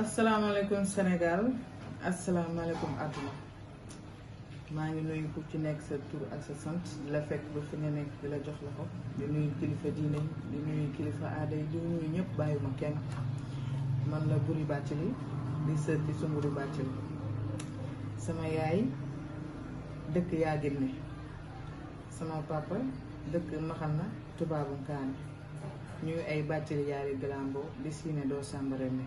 asalaamaaleykum Sénégal asalaamaaleykum àdduna maa ngi nuyu ku ci nekk sa tur ak sa sant di la fekk ba fi nga nekk di la jox loxo di nuyu kilifa diine di nuyu kilifa aada yi di nuyu ñëpp bàyyiwuma kenn man la Boury Bathily di sër ci Soumbourou Bathily sama yaay dëkk yaa ginne sama papa dëkk maxal na tubaabu kaani ñuy ay Bathily yaari Galambo di siine doo sàmbaree ne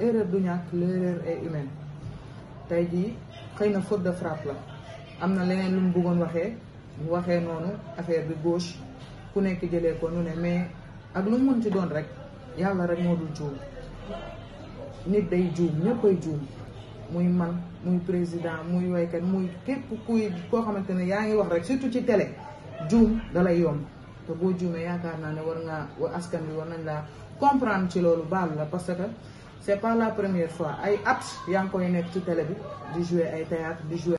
erreur du ñàkk l'erreur est humaine tey jii xëy na foot de frappe la am na leneen lu mu buggoon waxee mu waxee noonu affaire bi gauche ku nekk jëlee ko nu ne mais ak lu mu mën ci doon rek yàlla rek moo dul juum nit day juum ñëppay juum muy man muy président muy woykat muy képp kuy koo xamante ne yaa ngi wax rek surtout ci télé juum dalay yomb te boo juumee yaakaar naa ne war ngaa askan bi war nañ laa comprendre ci loolu baal la parce que c'est pas la première fois ay at yaa ngi koy nekk ci télé bi di jouer ay théâtre di jouer